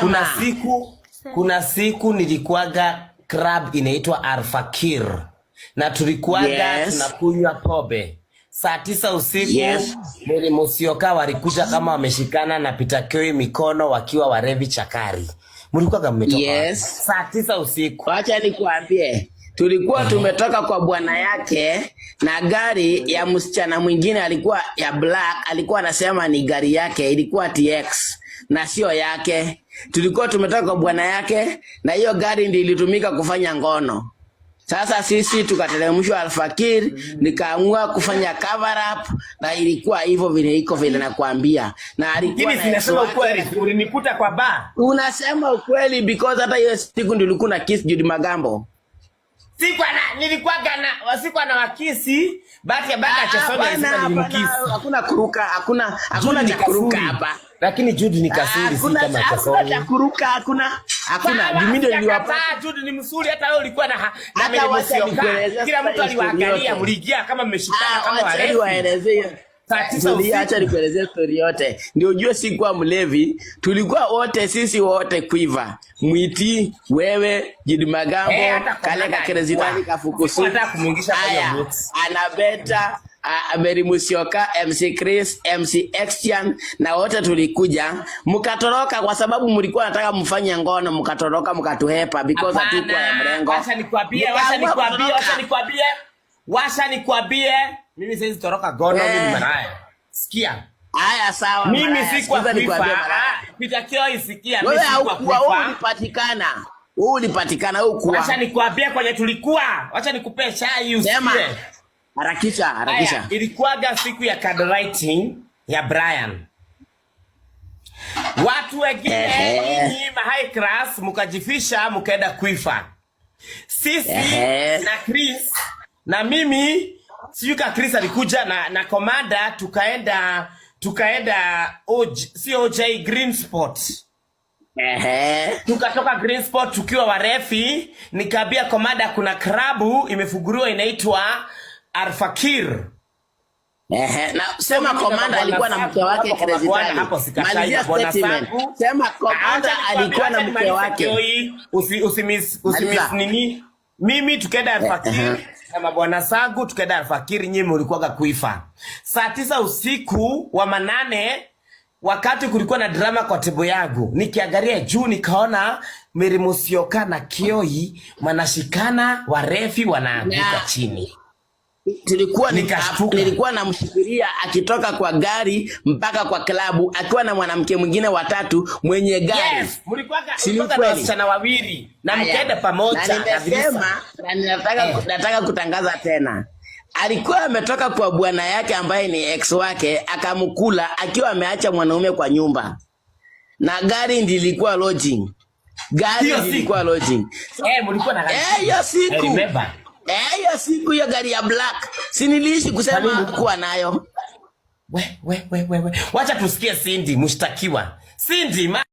Kuna siku kuna siku nilikuwaga club inaitwa Alfakir na tulikuwaga yes. tunakunywa pobe saa tisa usiku yes. Musioka walikuja kama wameshikana na pitakoi mikono wakiwa warevi chakari, mlikuwaga mmetoka yes. saa tisa usiku. Acha nikuambie tulikuwa tumetoka kwa bwana yake na gari ya msichana mwingine, alikuwa ya black, alikuwa anasema ni gari yake, ilikuwa TX na sio yake. Tulikuwa tumetoka kwa bwana yake, na hiyo gari ndio ilitumika kufanya ngono. Sasa sisi tukateremshwa Alfakir, nikaamua kufanya cover up, na ilikuwa hivyo vile iko vile nakwambia. Na alikuwa na ninasema ukweli, ulinikuta kwa bar. Unasema ukweli because hata hiyo siku ndio ulikuwa na kiss Judy Magambo. Sikuwa na nilikuwa kana sikuwa na wakisi basi baada ya ah, Chesoni nilikuwa nilimkisi. Hakuna kuruka, hakuna hakuna ni kuruka hapa. Lakini Jude ni kasuri ah, si kama Chesoni. Hakuna kuruka, hakuna hakuna. Mimi ndio niliwapa. Jude ni msuri hata wewe ulikuwa na hata mimi msio. Kila mtu aliwaangalia mligia kama mmeshikana ah, kama wale. Acha nikueleze stori yote ndio ujue sikuwa mlevi. Tulikuwa wote sisi wote kuiva Mwiti, wewe, Jidi Magambo, hey, eh, kale kakerezitani kafukusi haya anabeta Meri Musioka, MC Chris, MC Xian na wote tulikuja, mkatoroka kwa sababu mlikuwa nataka mfanye ngono, mkatoroka mkatuhepa because hatukuwa ya mrengo. Wacha nikwambie, wacha nikwambie, wacha nikwambie, wacha nikwambie mimi siwezi toroka gono mimi ni eh. malaya. Sikia. Haya sawa. Mimi si kwa pita ah, kio isikia mimi si kwa kuipa. Wewe ulipatikana. Wewe ulipatikana huko. Acha nikuambie kwenye tulikuwa. Acha nikupe chai usikie. Sema. Harakisha, harakisha. Ilikuwaga siku ya card writing ya Brian. Watu wengine nyinyi ma high class mkajifisha mkaenda kuifa. Sisi na Chris na mimi Sijui ka Chris alikuja na na komanda tukaenda tukaenda OJ, si OJ Green Spot. Ehe. Tukatoka Green Spot tukiwa warefi, nikaambia komanda kuna klabu imefunguliwa inaitwa Alfakir. Ehe. Na sema komanda alikuwa na mke wake Crazy Time. Malizia statement. Sema komanda alikuwa na mke wake. Usi usi miss usi miss nini? Mimi tukaenda Alfakir. Kama bwana Sagu tukaenda Alfakiri, nyinyi mlikuwaga kuifa saa tisa usiku wa manane, wakati kulikuwa na drama kwa tebo yangu, nikiangalia juu nikaona mirimusioka na Kioi manashikana warefi wanaanguka yeah, chini Nilikuwa nikashtuka, nilikuwa namshikilia akitoka kwa gari mpaka kwa klabu akiwa na mwanamke mwingine watatu mwenye gari. Yes, mlikuwa na wasichana wawili na mkenda pamoja. Na nimesema na ninataka eh, nataka kutangaza tena. Alikuwa ametoka kwa bwana yake ambaye ni ex wake akamkula akiwa ameacha mwanaume kwa nyumba. Na gari ndilikuwa lodging. Gari ndilikuwa lodging. Eh, mlikuwa na gari. Eh, hiyo siku. I remember. Eh, hiyo siku hiyo gari ya black si kusema kuwa nayo. We, we, we, we, we. Wacha tusikie Cindy mshtakiwa Cindy ma